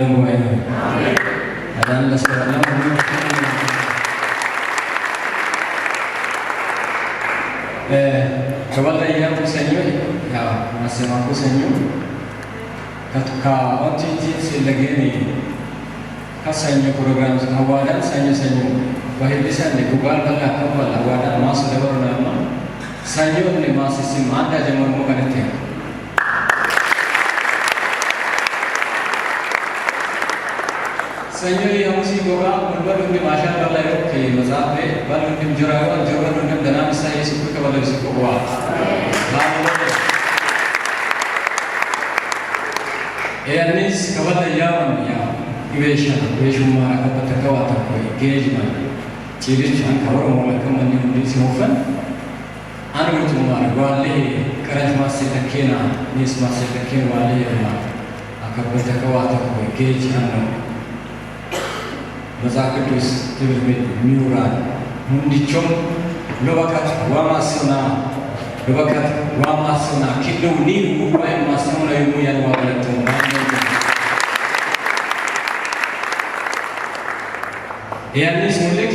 ilmu ini. Amin. Dan Eh, coba tanya yang tu senyum, ya masih mampu senyum. Ketika oh, mencuci si lagi ni, kasihnya program semua dan senyum senyum. Bahaya bisa ni, kubal lah, kalau aku wadah masuk lewat nama. Senyum ni masih si mata jemur muka ni tiap. ሰኞ የሙሲ ጎጋ ወንበር ወንድም አሻራ ላይ ወክ መጽሐፍ ባል ወንድም ጅራዋ ጀወር ወንድም ደና ምሳሌ ሲኩ ከበለብ ሲኩ ኤርኒስ ከበለ ያውን ያ ኢቤሻ ኢቤሹማ ከተተከዋ ተቆይ ጌጅ ማለት ቺግች አንካወር ሞለከም እንዲሁ እንዲህ ሲሆፈን አንሩት ማለት ዋሌ ቀረት ማሰከከና ኒስ ማሰከከና ዋሌ ያ አከበተከዋ ተቆይ ጌጅ መጽሐፍ ቅዱስ ትምህርት ቤት ሚውራል ሁንዲቾም ለበካት ዋማስና ለበካት ዋማስና ኪለው ኒ ጉባኤ ማስነው ላይ ነው ያንስ ሙልክ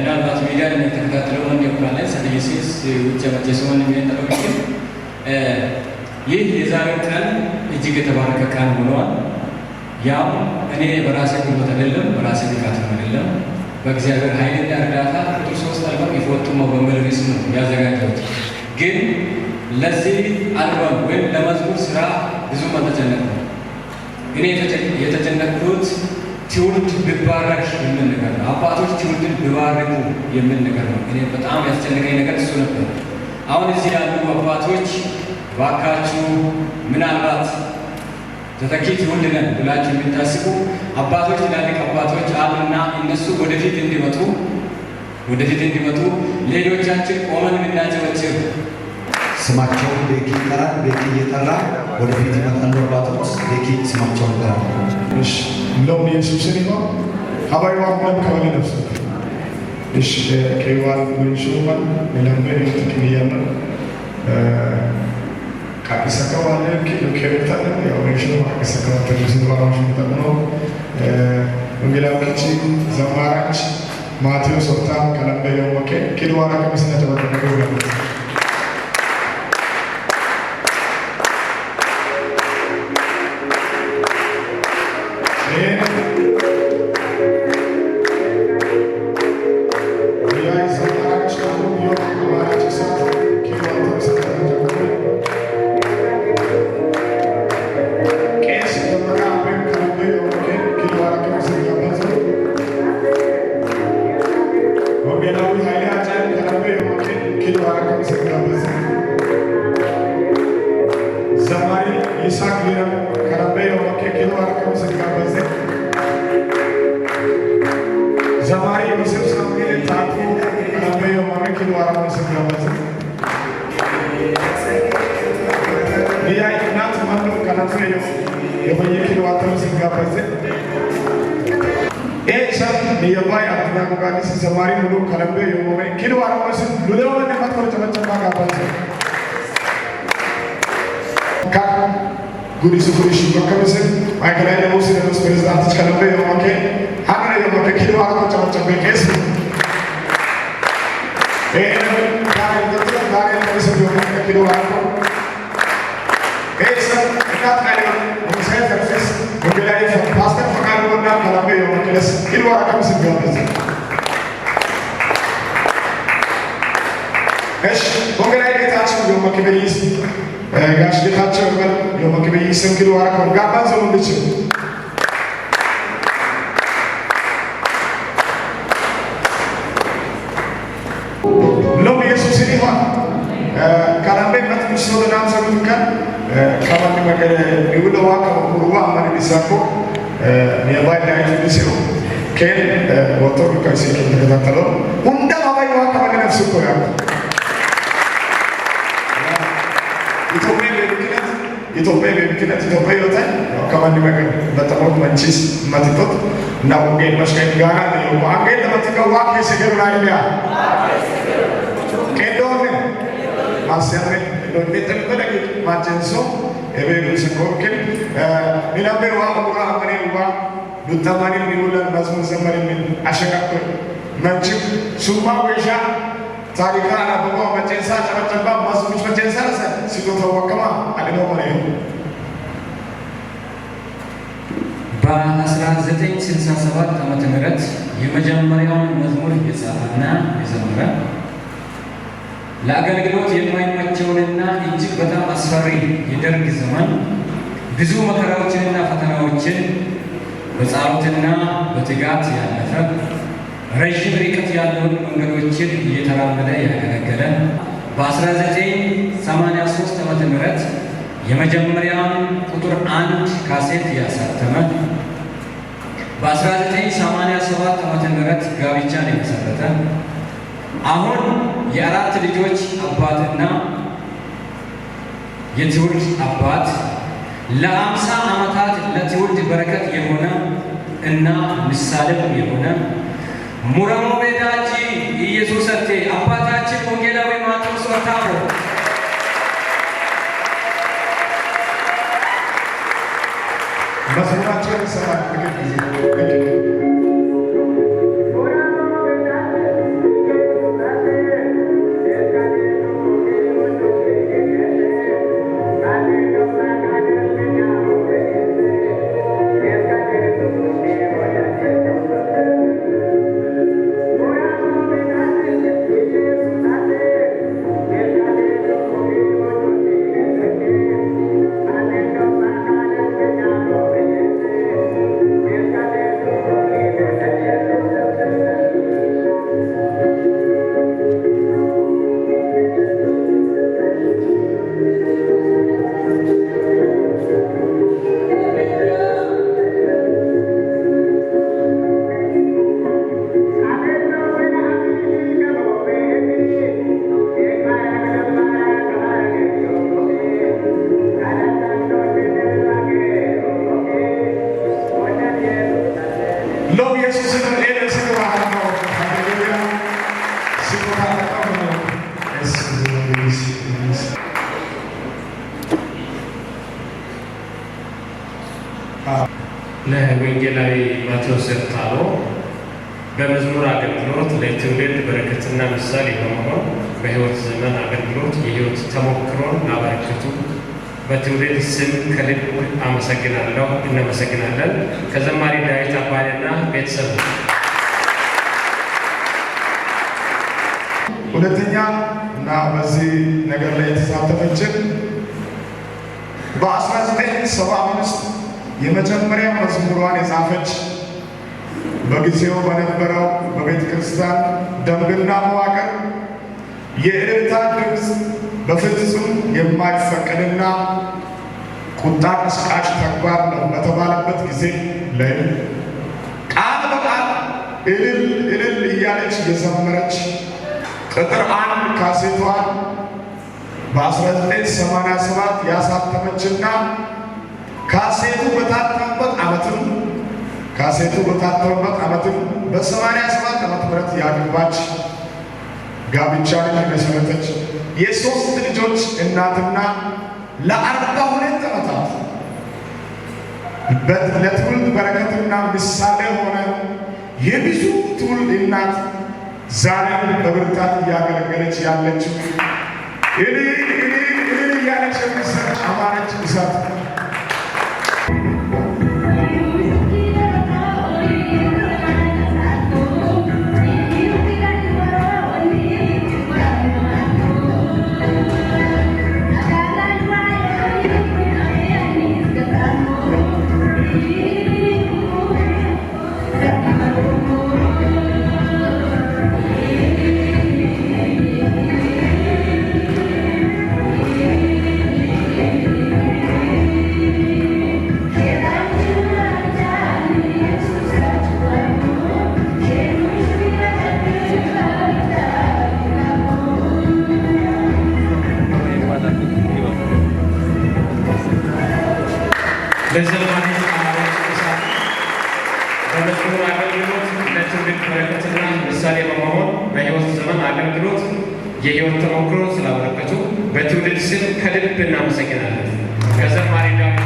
ምናልባት ሚዲያ የምትከታተለው ወንድ ይባላል ሰደየሲስ ውጭ መጀስ ወንድ የሚያጠበቅ ይህ የዛሬው ቀን እጅግ የተባረከ ቀን ሆነዋል። ያው እኔ በራሴ ጉልበት አይደለም፣ በራሴ ድካትም አይደለም፣ በእግዚአብሔር ኃይልና እርዳታ ቁጥር ሶስት አልበም የፎቱመው በሚል ርዕስ ነው ያዘጋጀሁት። ግን ለዚህ አልበም ወይም ለመዝሙር ስራ ብዙ መተጨነቅ ነው። እኔ የተጨነቅኩት ትውልድ ብባረክ የምን ነገር ነው፣ አባቶች ትውልድን ቢባረኩ የምን ነገር ነው። እኔ በጣም ያስጨነቀኝ ነገር እሱ ነበር። አሁን እዚህ ያሉ አባቶች ባካችሁ ምናልባት ተተኪ ትውልድ ነን ብላችሁ የምታስቡ አባቶች፣ ትላልቅ አባቶች አሉና እነሱ ወደፊት እንዲመጡ ወደፊት እንዲመጡ ሌሎቻችን ቆመን የምናጨበጭብ ስማቸውን ቤኪ ይጠራል። ቤኪ እየጠራ ወደፊት ይመጣሉ። አባቶች ቤኪ ስማቸውን ይጠራል። እንደውም የሱስን ይኖ ሀባይዋ ሁለም ከሆነ ነፍስ ሽ ከይዋል ወንሽማል ለምን ጥቅም ሀዲስ አካባቢ ወንጌላዊት ዘማራች ማቴዎስ ወታ ቀለምበ የወቄ ኪድዋራ ቀሚስነ ተወደደ የቆየኪን ዋተም ሲጋበዝ ኤቻን ንየባይ አትኛሙ ጋኒ ሲሰማሪ ሙሉ ከለምቤ የሞመ ኪን ዋረመስ ሉሌወነ መጥፈር ጨመጨማ ጋበዝ ካ ጉዲሱ ጉዲሽ መከመስ ማይከላይ ደግሞ ሲደመስ ፕሬዝዳንቶች ከለምቤ የሞመኬ ሀገረ የሞመ ኪን ዋረመ ጨመጨማ ቄስ ኪሎ ዋረመ ኤሰ እናት ቃ ካላምቤ የመመለስ ኢልወራ ቀምስ ቢሆንስ እሺ ወገናይ ጌታቸው ዮመ ክብይስ ጋሽ ጌታቸው ይበል ዮመ ክብይስ እንግዲህ ወራ ከሆን ጋባን እንድችል ሎም ኢየሱስ ይሆን ካላምቤ መጥቶ ስለናም ሰሙት ከን ከማን መገለ ይውለዋ ከሩዋ አማን ቢሳኮ ሜባይና ሲሩ ኬን ወጥቶ ቀሲ ተከታተለው ሁንዳ ማባይ ዋ ከባለ ነፍስ እኮ ያ ኢትዮጵያ በምክንያት ኢትዮጵያ በምክንያት ኢትዮጵያ ይወታል ከማን መገን በተቆጥ መንቺስ መትቶት እና ወንጌል መስከኝ ጋራ ነው ወንጌል ለመጥቀዋ ከሰገሩ ላይ ያ ከዶን ማሰረ ዶን ተልበደግ ማጀንሶ ኤቤሉ ስኮርክን ሚላምበሩ አቁራ አመሪ ባ ዱተማኒ ሊውላን መዝሙር ዘመን የሚል አሸቃቅጦኝ መንችብ ሱማ ወሻ ታሪካ አናበባ መጨንሳ ጨበጨባ ማስሙች መጨንሳ ረሰ ሲቶ ተወከማ አድሞ መሪ በ1967 ዓመተ ምህረት የመጀመሪያውን መዝሙር የጻፈና የዘመረ ለአገልግሎት የማይመቸውንና እጅግ በጣም አስፈሪ የደርግ ዘመን ብዙ መከራዎችንና ፈተናዎችን በጸሎትና በትጋት ያለፈ ረዥም ርቀት ያለውን መንገዶችን እየተራመደ ያገለገለ በ1983 ዓ. ም የመጀመሪያውን ቁጥር አንድ ካሴት ያሳተመ በ1987 ዓ ም ጋብቻን የመሰረተ አሁን የአራት ልጆች አባትና የትውልድ አባት ለአምሳ ዓመታት ለትውልድ በረከት የሆነ እና ምሳሌም የሆነ ሙራሙ ቤዳጂ ኢየሱስ ሰቴ አባታችን ወንጌላዊ ማቴዎስ ወርታቦ መስሙራቸው ሰባ ጊዜ ለወንጌላዊ ማቴዎስ ኤርታሎ በመዝሙር አገልግሎት ለትውልድ በረከትና ምሳሌ በመሆን በሕይወት ዘመን አገልግሎት የሕይወት ተሞክሮን አበረከቱ። በትውልድ ስም ከልብ አመሰግናለሁ። እናመሰግናለን። ከዘማሪ ዳዊት አባልና ቤተሰብ ሁለተኛ እና በዚህ ነገር ላይ የተሳተፈችን በ1975 የመጀመሪያ መዝሙሯን የጻፈች በጊዜው በነበረው በቤተ ክርስቲያን ደንብና መዋቅር የእልልታ ድምፅ በፍጹም የማይፈቀድና ቁጣ ቀስቃሽ ተግባር ነው በተባለበት ጊዜ ላይ ቃል በቃል እልል እልል እያለች እየዘመረች ቅጥር አንድ ካሴቷን በ1987 ያሳተመችና ካሴቱ በታተመበት ዓመትም ካሴቱ በታተመበት ዓመትም በ87 ዓመት ምረት ያገባች ጋብቻን የመሰረተች የሶስት ልጆች እናትና ለአርባ ሁለት ዓመታት ለትውልድ በረከትና ምሳሌ ሆነ የብዙ ትውልድ እናት ዛሬም በብርታት እያገለገለች ያለችው እልል እልል እያለች የምትሰጥ አማረች እሳት ምሳሌ በመሆን በህይወት ዘመን አገልግሎት የህይወት ተሞክሮ ስላበረከቱ በትውልድ ስም ከልብ እናመሰግናለን። ከዘማሪ ዳዊት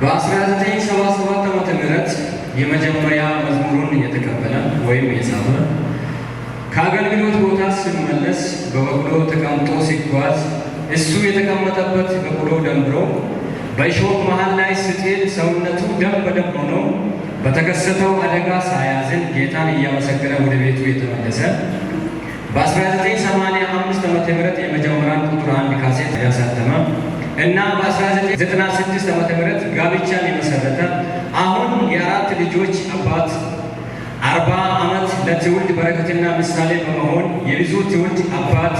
በ1977 ዓ ምህረት የመጀመሪያ መዝሙሩን እየተቀበለ ወይም እየጻፈ ከአገልግሎት ቦታ ስመለስ በበቅሎ ተቀምጦ ሲጓዝ እሱ የተቀመጠበት በቅሎ ደንብሮ በእሾህ መሃል ላይ ስትሄድ ሰውነቱ ደም በደም ሆኖ በተከሰተው አደጋ ሳያዝን ጌታን እያመሰገነ ወደ ቤቱ የተመለሰ በ1985 ዓ ም የመጀመሪያን ቁጥር አንድ ካሴት ያሳተመ እና በ1996 ዓ ም ጋብቻን የመሰረተ አሁን የአራት ልጆች አባት አርባ ዓመት ለትውልድ በረከትና ምሳሌ በመሆን የብዙ ትውልድ አባት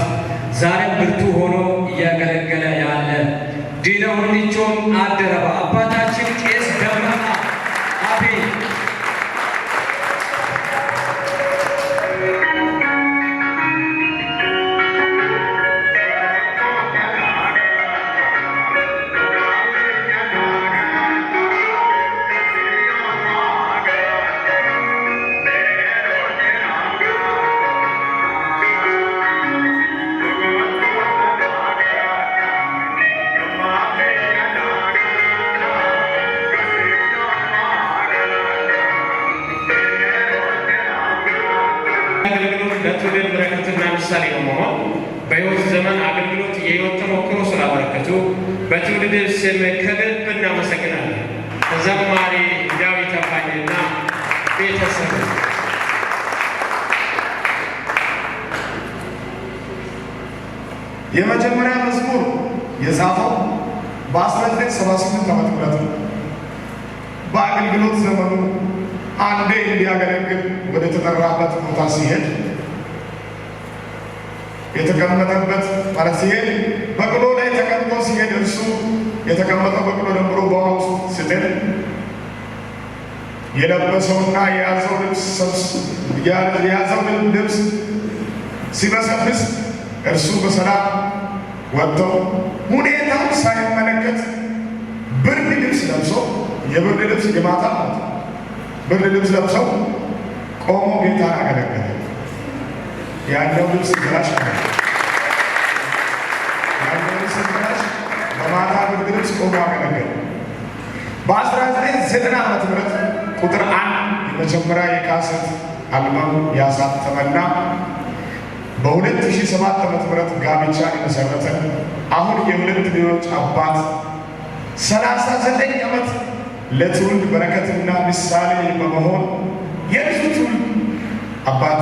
ዛሬም ብርቱ ሆኖ እያገለገለ ያለ ዲነሁኒቾም አደረባ አባታችን ቄስ የመጀመሪያ መዝሙር የጻፈው በ ስምንት ዓመተ ምህረት ነው። በአገልግሎት ዘመኑ አንዴ እንዲያገለግል ወደ ተጠራበት ቦታ ሲሄድ የተቀመጠበት ማለት ሲሄድ በቅሎ ላይ ተቀምጦ ሲሄድ እርሱ የተቀመጠው በቅሎ ደምሮ በውሃ ውስጥ ስትል የለበሰውና የያዘው ልብስ ሲበሰብስ እርሱ በሰላም ወጥተው ሁኔታው ሳይመለከት ብርድ ልብስ ለብሶ የብርድ ልብስ የማታ ማለት ብርድ ልብስ ለብሰው ቆሞ ጌታ አገለገለ። ያለው ልብስ ገላሽ ያለው ልብስ ገላሽ በማታ ብርድ ልብስ ቆሞ አገለገለ። በአስራ ዘጠኝ ዘጠና ዓመተ ምህረት ቁጥር አንድ የመጀመሪያ የካሴት አልበም ያሳተመና በ2007 ዓመተ ምህረት ጋብቻን የመሰረተ አሁን የሁለት ልጆች አባት 39 ዓመት ለትውልድ በረከትና ምሳሌ በመሆን የብዙ አባት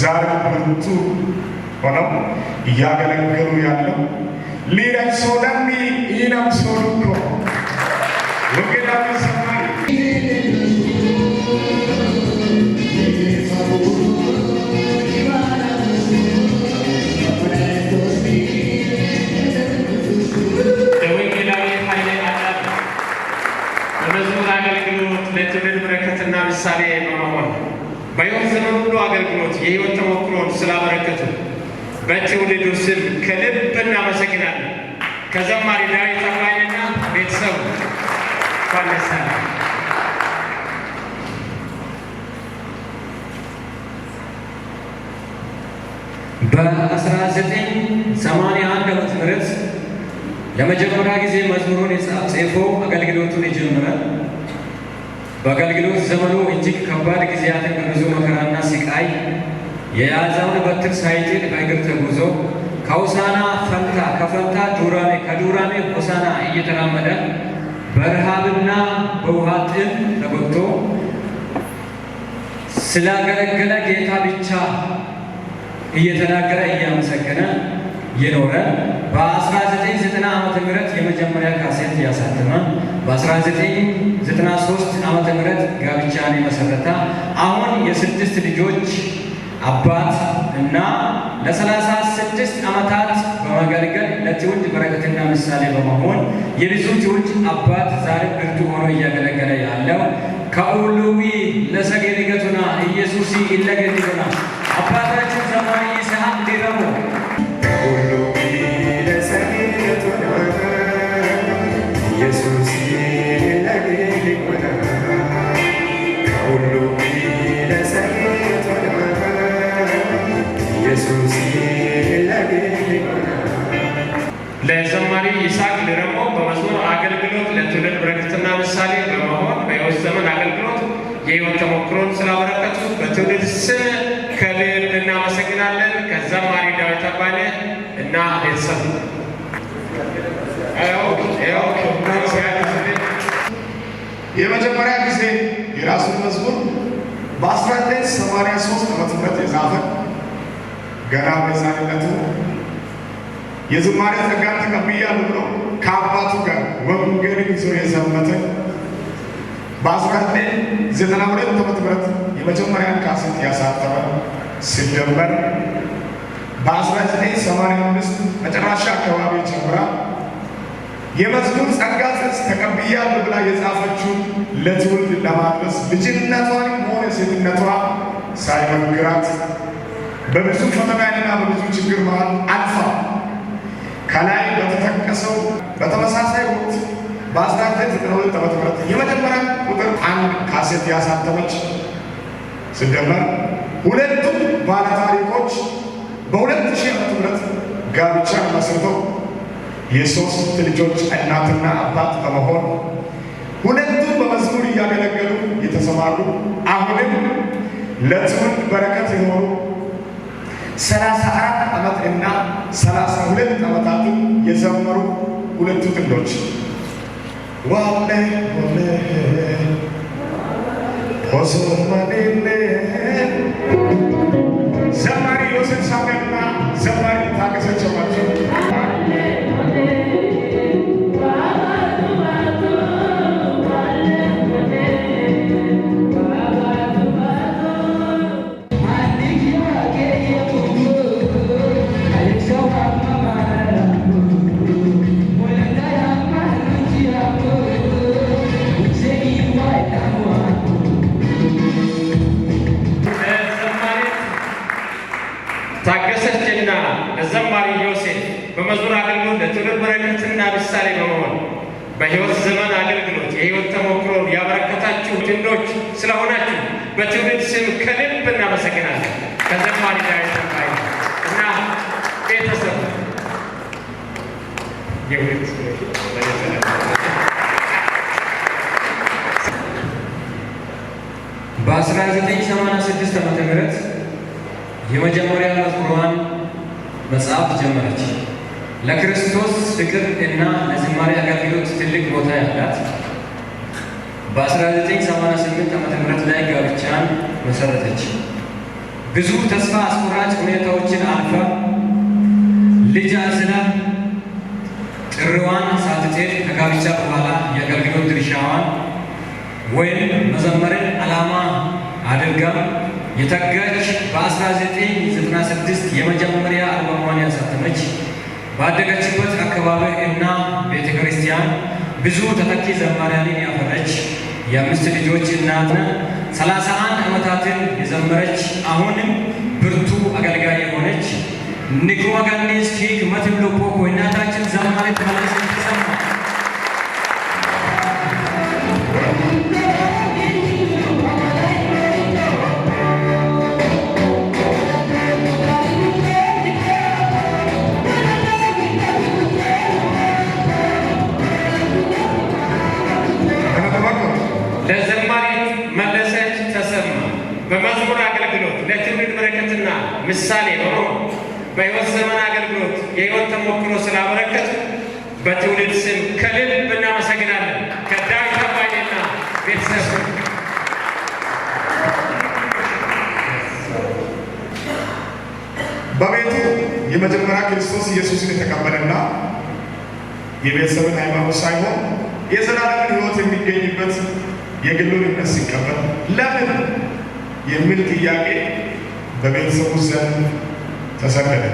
ዛሬ ብርቱ ሆነው እያገለገሉ ያለው ሊረሶ ደሚ ኢነምሶ ልኮ ወገዳሚ በሕይወት ዘመን ሁሉ አገልግሎት የሕይወት ተሞክሮን ስላበረከቱ በትውልዱ ስም ከልብ እናመሰግናለን። ከዘማሪ ዳዊት አማኝና ቤተሰቡ ባለሳል በ1981 ዓመተ ምህረት ለመጀመሪያ ጊዜ መዝሙሩን ጽፎ አገልግሎቱን ይጀምራል። በአገልግሎት ዘመኑ እጅግ ከባድ ጊዜያትን በብዙ መከራና ስቃይ የያዘውን በትር ሳይጭን በእግር ተጉዞ ከውሳና ፈንታ ከፈንታ ዱራሜ ከዱራሜ ሆሳና እየተራመደ በረሃብና በውሃ ጥም ተጎድቶ ስላገለገለ ጌታ ብቻ እየተናገረ እያመሰገነ የኖረ በ1990 ዓ ም የመጀመሪያ ካሴት ያሳተመ በ1993 ዓመተ ምህረት ጋብቻን የመሰረተ አሁን የስድስት ልጆች አባት እና ለ36 ዓመታት በማገልገል ለትውልድ በረከትና ምሳሌ በመሆን የብዙ ትውልድ አባት ዛሬ ብርቱ ሆኖ እያገለገለ ያለው ከኡሉዊ ለሰገ ኢየሱስ ይለገድሉና አባታችን ሰማይ ይስሐቅ ሊረሙ የዝማሬ ጸጋን ተቀብያለሁ ብሎ ከአባቱ ጋር ወንጌል ይዞ የዘመተ ዘጠና ሁለት ዓመተ ምህረት የመጀመሪያን ካሴት ያሳተመ ሲደመር በ አምስት መጨረሻ አካባቢ ጀምራ የመዝሙር ጸጋ ጽንስ ተቀብያለሁ ብላ የጻፈችውን ለትውልድ ለማድረስ ልጅነቷን ሆነ ሴትነቷ ሳይመግራት በብዙ ፈተናና በብዙ ችግር መሃል አልፋ ከላይ በተጠቀሰው በተመሳሳይ ወቅት በ1992 ዓ.ም የመጀመሪያ ቁጥር አንድ ካሴት ያሳተመች ስደመር ሁለቱም ባለታሪኮች በሁለት ሺህ ዓመተ ምህረት ጋብቻ መስርተው የሶስት ልጆች እናትና አባት በመሆን ሁለቱም በመዝሙር እያገለገሉ የተሰማሩ አሁንም ለትውልድ በረከት የሆኑ ሰላሳ አራት ዓመት እና ሰላሳ ሁለት የዘመሩ ሁለቱ ጥንዶች ዋለ ዘማሪ ዮሴፍ ሳሙኤልና ዘማሪ ታገሰቸው ናቸው። በህይወት ዘመን አገልግሎት የህይወት ተሞክሮ ያበረከታችሁ ድንዶች ስለሆናችሁ በትውልድ ስም ከልብ እናመሰግናለን። ከዘማሪ ዳዊት ተባይ እና ቤተሰብ በ1986 ዓ ም የመጀመሪያ ቁርባን መጽሐፍ ጀመረች። ለክርስቶስ ፍቅር እና ለዝማሬ አገልግሎት ትልቅ ቦታ ያላት በ1988 ዓ ም ላይ ጋብቻን መሰረተች። ብዙ ተስፋ አስቆራጭ ሁኔታዎችን አልፋ ልጅ አዝላ ጥሪዋን ሳትጤል ከጋብቻ በኋላ የአገልግሎት ድርሻዋን ወይም መዘመርን ዓላማ አድርጋ የተጋች በ1996 የመጀመሪያ አልበሟን ያሳተመች ባደገችበት አካባቢ እና ቤተ ክርስቲያን ብዙ ተተኪ ዘማሪያንን ያፈረች የአምስት ልጆች እናት ሰላሳ አንድ ዓመታትን የዘመረች አሁንም ብርቱ አገልጋይ የሆነች ንግሮ ገኔስ ሂክመትም ልቦ ኮይናታችን ዘማሪት መንግስት ኢየሱስን የተቀበለና የቤተሰብን ሃይማኖት ሳይሆን የዘላለምን ህይወት የሚገኝበት የግሉን እምነት ሲቀበል ለምን የሚል ጥያቄ በቤተሰቡ ዘንድ ተሰደደ።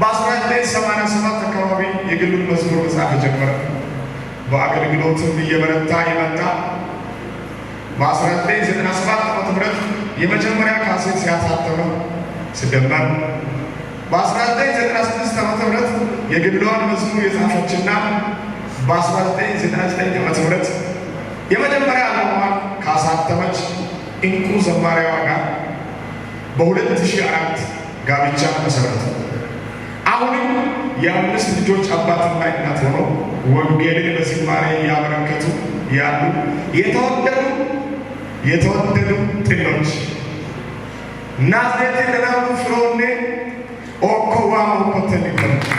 በ1987 አካባቢ የግሉን መዝሙር መጽሐፍ ጀመረ በአገልግሎትም እየበረታ የመጣ በ1997 ዓ.ም የመጀመሪያ ካሴት ሲያሳተመ ሲደመር በ1996 ዓ ም የግሏን መዝሙር የጻፈችና በ1999 ዓ ም የመጀመሪያ አልበሟን ካሳተመች እንቁ ዘማሪዋ ጋር በ2004 ጋብቻ መሰረቱ። አሁንም የአምስት ልጆች አባትና እናት ሆነው ወንጌልን በዝማሬ እያበረከቱ ያሉ የተወደዱ የተወደዱ ጥንዶች ናዝሬት ለናሁ ፍሮኔ O qual a oportunidade.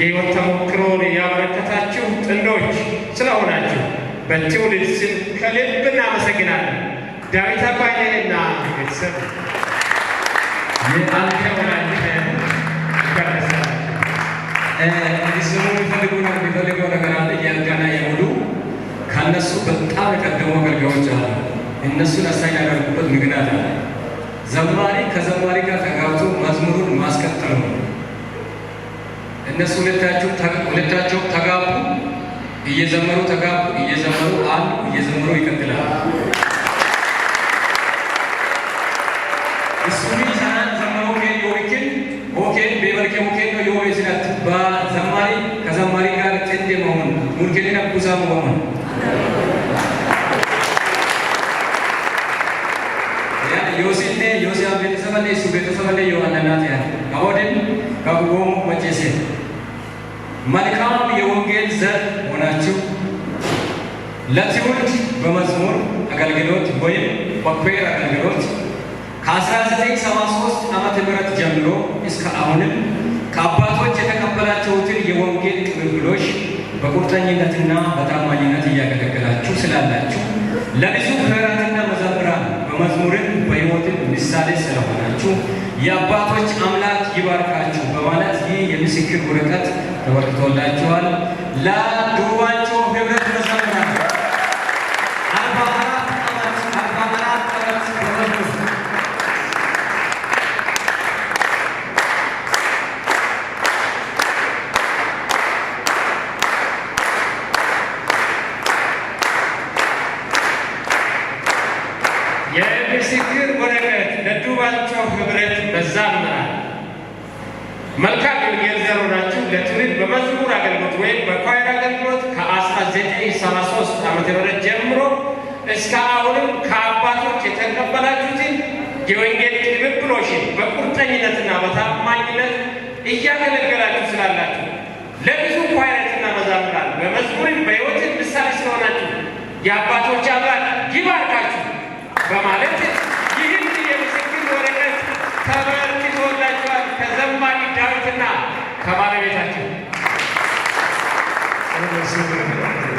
የህይወት ተሞክሮን ያበረከታችሁ ጥንዶች ስለሆናችሁ በትውልድ ስም ከልብ እናመሰግናለን። ዳዊት አባይነህና ቤተሰብ የሚፈልገው ነገር አለ። የሙሉ ከነሱ በጣም የቀደሙ አገልጋዮች አሉ። እነሱን አሳይ ያደረጉበት ምክንያት አለ። ዘማሪ ከዘማሪ ጋር ተጋብቶ መዝሙሩን እነሱ ሁለታቸውም ተጋቡ፣ እየዘመሩ ተጋቡ፣ እየዘመሩ አሉ፣ እየዘመሩ ይቀጥላል። እሱን ሰናን ዘመሮ የወኪል ወኪል ቤበርኬ ወኪል ነው የሆነ ስነት በዘማሪ ከዘማሪ ጋር ጥንድ መሆን ሙንኬን ኩሳ መሆን ዮሴኔ ዮሴ ቤተሰበ እሱ ቤተሰበ የዋነናት ያ ከሆድን ከጉቦሙ መቼሴ መልካም የወንጌል ዘር ሆናችሁ ለትውልድ በመዝሙር አገልግሎት ወይም በኮር አገልግሎት ከ1973 ዓመተ ምህረት ጀምሮ እስከ አሁንም ከአባቶች የተቀበላችሁትን የወንጌል ቅብብሎች በቁርጠኝነትና በታማኝነት እያገለገላችሁ ስላላችሁ ለብዙ ክህራትና መዘምራን በመዝሙርን በሕይወትን ምሳሌ ስለሆናችሁ የአባቶች አምላክ ይባርካችሁ። በማለት ይህ የምስክር ወረቀት ተበርክቶላቸዋል። ላ አገልጋይ ዘሮናችሁ ለትውልድ በመዝሙር አገልግሎት ወይም በኳይር አገልግሎት ከ1933 ዓመተ ምህረት ጀምሮ እስከ አሁንም ከአባቶች የተቀበላችሁትን የወንጌል ትብብሎሽን በቁርጠኝነትና በታማኝነት እያገለገላችሁ ስላላችሁ ለብዙ ኳይረትና መዛምራን በመዝሙርን በሕይወትን ምሳሌ ስለሆናችሁ የአባቶች አባት ይባርካችሁ በማለት ተወስዳችኋል ከዘማሪ ዳዊትና ከባለቤታችን